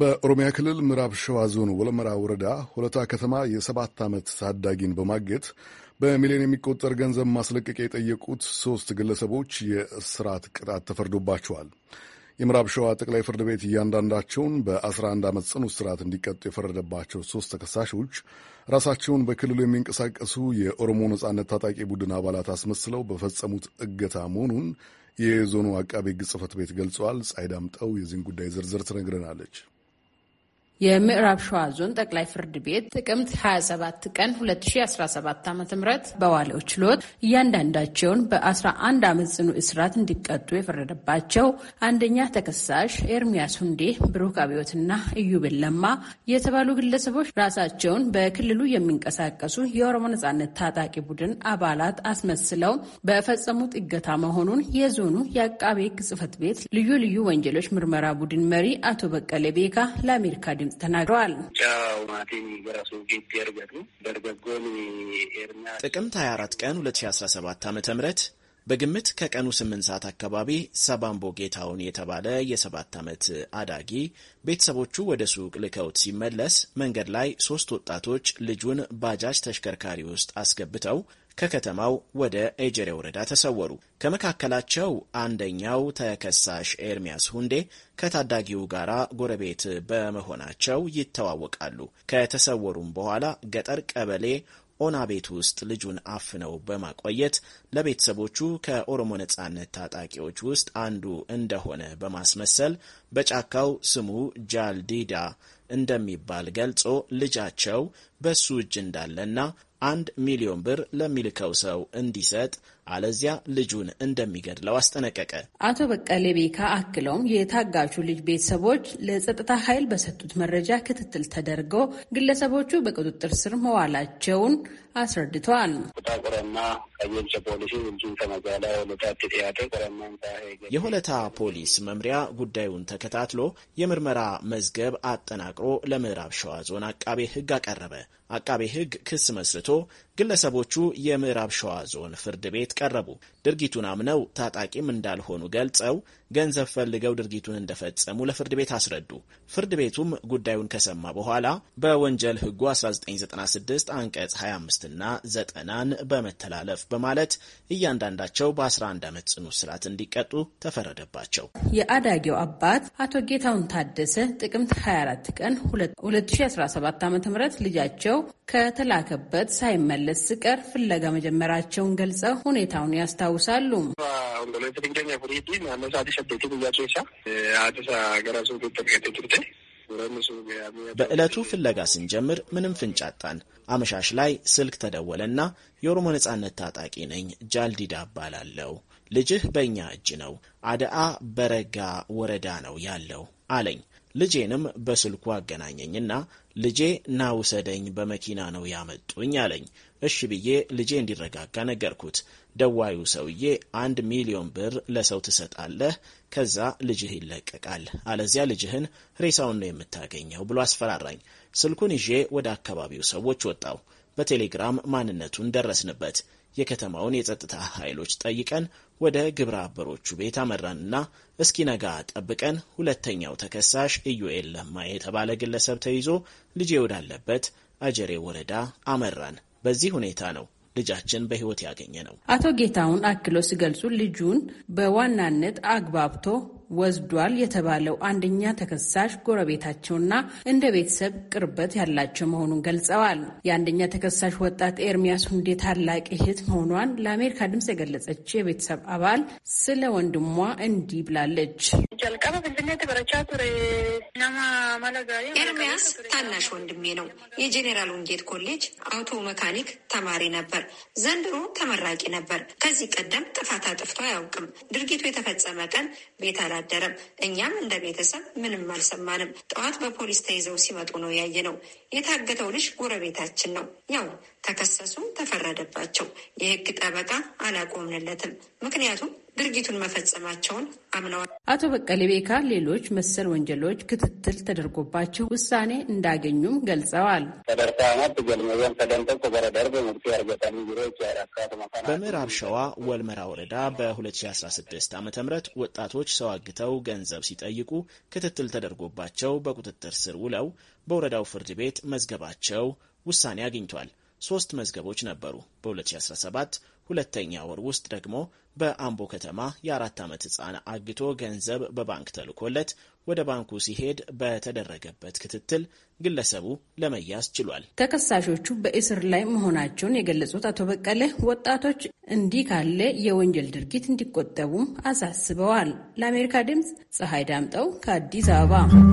በኦሮሚያ ክልል ምዕራብ ሸዋ ዞን ወለመራ ወረዳ ሆለታ ከተማ የሰባት ዓመት ታዳጊን በማገት በሚሊዮን የሚቆጠር ገንዘብ ማስለቀቂያ የጠየቁት ሦስት ግለሰቦች የእስራት ቅጣት ተፈርዶባቸዋል። የምዕራብ ሸዋ ጠቅላይ ፍርድ ቤት እያንዳንዳቸውን በ11 ዓመት ጽኑ እስራት እንዲቀጡ የፈረደባቸው ሦስት ተከሳሾች ራሳቸውን በክልሉ የሚንቀሳቀሱ የኦሮሞ ነጻነት ታጣቂ ቡድን አባላት አስመስለው በፈጸሙት እገታ መሆኑን የዞኑ አቃቤ ሕግ ጽሕፈት ቤት ገልጿል። ጸሐይ ዳምጠው የዚህን ጉዳይ ዝርዝር ትነግረናለች። የምዕራብ ሸዋ ዞን ጠቅላይ ፍርድ ቤት ጥቅምት 27 ቀን 2017 ዓ.ም በዋለው ችሎት እያንዳንዳቸውን በ11 ዓመት ጽኑ እስራት እንዲቀጡ የፈረደባቸው አንደኛ ተከሳሽ ኤርሚያስ ሁንዴ፣ ብሩክ አብዮትና እዩብን ለማ የተባሉ ግለሰቦች ራሳቸውን በክልሉ የሚንቀሳቀሱ የኦሮሞ ነጻነት ታጣቂ ቡድን አባላት አስመስለው በፈጸሙት እገታ መሆኑን የዞኑ የአቃቤ ሕግ ቤት ልዩ ልዩ ወንጀሎች ምርመራ ቡድን መሪ አቶ በቀለ ቤካ ለአሜሪካ ድምፅ ተናግረዋል። ጥቅምት 24 ቀን 2017 ዓ ም በግምት ከቀኑ 8 ሰዓት አካባቢ ሰባምቦ ጌታውን የተባለ የሰባት ዓመት አዳጊ ቤተሰቦቹ ወደ ሱቅ ልከውት ሲመለስ መንገድ ላይ ሦስት ወጣቶች ልጁን ባጃጅ ተሽከርካሪ ውስጥ አስገብተው ከከተማው ወደ ኤጀሬ ወረዳ ተሰወሩ። ከመካከላቸው አንደኛው ተከሳሽ ኤርሚያስ ሁንዴ ከታዳጊው ጋራ ጎረቤት በመሆናቸው ይተዋወቃሉ። ከተሰወሩም በኋላ ገጠር ቀበሌ ኦና ቤት ውስጥ ልጁን አፍነው በማቆየት ለቤተሰቦቹ ከኦሮሞ ነጻነት ታጣቂዎች ውስጥ አንዱ እንደሆነ በማስመሰል በጫካው ስሙ ጃልዲዳ እንደሚባል ገልጾ ልጃቸው በሱ እጅ እንዳለና አንድ ሚሊዮን ብር ለሚልከው ሰው እንዲሰጥ አለዚያ ልጁን እንደሚገድለው አስጠነቀቀ። አቶ በቀሌ ቤካ አክለውም የታጋቹ ልጅ ቤተሰቦች ለጸጥታ ኃይል በሰጡት መረጃ ክትትል ተደርጎ ግለሰቦቹ በቁጥጥር ስር መዋላቸውን አስረድተዋል። የሆለታ ፖሊስ መምሪያ ጉዳዩን ተከታትሎ የምርመራ መዝገብ አጠናቅሮ ለምዕራብ ሸዋ ዞን አቃቤ ሕግ አቀረበ። አቃቤ ሕግ ክስ መስርቶ ግለሰቦቹ የምዕራብ ሸዋ ዞን ፍርድ ቤት Carabú. ድርጊቱን አምነው ታጣቂም እንዳልሆኑ ገልጸው ገንዘብ ፈልገው ድርጊቱን እንደፈጸሙ ለፍርድ ቤት አስረዱ። ፍርድ ቤቱም ጉዳዩን ከሰማ በኋላ በወንጀል ሕጉ 1996 አንቀጽ 25ና 90ን በመተላለፍ በማለት እያንዳንዳቸው በ11 ዓመት ጽኑ እስራት እንዲቀጡ ተፈረደባቸው። የአዳጊው አባት አቶ ጌታውን ታደሰ ጥቅምት 24 ቀን 2017 ዓ ም ልጃቸው ከተላከበት ሳይመለስ ስቀር ፍለጋ መጀመራቸውን ገልጸው ሁኔታውን ያስታው ያስታውሳሉ። በዕለቱ ፍለጋ ስንጀምር ምንም ፍንጭ አጣን። አመሻሽ ላይ ስልክ ተደወለና የኦሮሞ ነጻነት ታጣቂ ነኝ፣ ጃልዲዳ እባላለሁ፣ ልጅህ በእኛ እጅ ነው፣ አደአ በረጋ ወረዳ ነው ያለው አለኝ። ልጄንም በስልኩ አገናኘኝና ልጄ ናውሰደኝ በመኪና ነው ያመጡኝ አለኝ። እሺ ብዬ ልጄ እንዲረጋጋ ነገርኩት። ደዋዩ ሰውዬ አንድ ሚሊዮን ብር ለሰው ትሰጣለህ፣ ከዛ ልጅህ ይለቀቃል፣ አለዚያ ልጅህን ሬሳውን ነው የምታገኘው ብሎ አስፈራራኝ። ስልኩን ይዤ ወደ አካባቢው ሰዎች ወጣው። በቴሌግራም ማንነቱን ደረስንበት። የከተማውን የጸጥታ ኃይሎች ጠይቀን ወደ ግብረ አበሮቹ ቤት አመራንና እስኪ ነጋ ጠብቀን ሁለተኛው ተከሳሽ ኢዩኤል ለማ የተባለ ግለሰብ ተይዞ ልጄ ወዳለበት አጀሬ ወረዳ አመራን። በዚህ ሁኔታ ነው ልጃችን በህይወት ያገኘ ነው። አቶ ጌታሁን አክሎ ሲገልጹ ልጁን በዋናነት አግባብቶ ወስዷል የተባለው አንደኛ ተከሳሽ ጎረቤታቸውና እንደ ቤተሰብ ቅርበት ያላቸው መሆኑን ገልጸዋል። የአንደኛ ተከሳሽ ወጣት ኤርሚያስ ሁንዴ ታላቅ እህት መሆኗን ለአሜሪካ ድምፅ የገለጸች የቤተሰብ አባል ስለ ወንድሟ እንዲህ ብላለች። ኤርሚያስ ታናሽ ወንድሜ ነው። የጄኔራል ወንጌት ኮሌጅ አውቶ መካኒክ ተማሪ ነበር። ዘንድሮ ተመራቂ ነበር። ከዚህ ቀደም ጥፋት አጥፍቶ አያውቅም። ድርጊቱ የተፈጸመ ቀን ቤት አላደረም። እኛም እንደ ቤተሰብ ምንም አልሰማንም። ጠዋት በፖሊስ ተይዘው ሲመጡ ነው ያየ ነው። የታገተው ልጅ ጎረቤታችን ነው። ያው ተከሰሱ፣ ተፈረደባቸው። የህግ ጠበቃ አላቆምንለትም። ምክንያቱም ድርጊቱን መፈጸማቸውን አምነዋል። አቶ በቀሌ ቤካ ሌሎች መሰል ወንጀሎች ክትትል ተደርጎባቸው ውሳኔ እንዳገኙም ገልጸዋል። በምዕራብ ሸዋ ወልመራ ወረዳ በ2016 ዓ ም ወጣቶች ሰው አግተው ገንዘብ ሲጠይቁ ክትትል ተደርጎባቸው በቁጥጥር ስር ውለው በወረዳው ፍርድ ቤት መዝገባቸው ውሳኔ አግኝቷል። ሶስት መዝገቦች ነበሩ። በ2017 ሁለተኛ ወር ውስጥ ደግሞ በአምቦ ከተማ የአራት ዓመት ህፃን አግቶ ገንዘብ በባንክ ተልኮለት ወደ ባንኩ ሲሄድ በተደረገበት ክትትል ግለሰቡ ለመያዝ ችሏል። ተከሳሾቹ በእስር ላይ መሆናቸውን የገለጹት አቶ በቀለ ወጣቶች እንዲህ ካለ የወንጀል ድርጊት እንዲቆጠቡም አሳስበዋል። ለአሜሪካ ድምፅ ፀሐይ ዳምጠው ከአዲስ አበባ